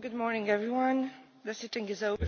Good morning everyone. The sitting is over.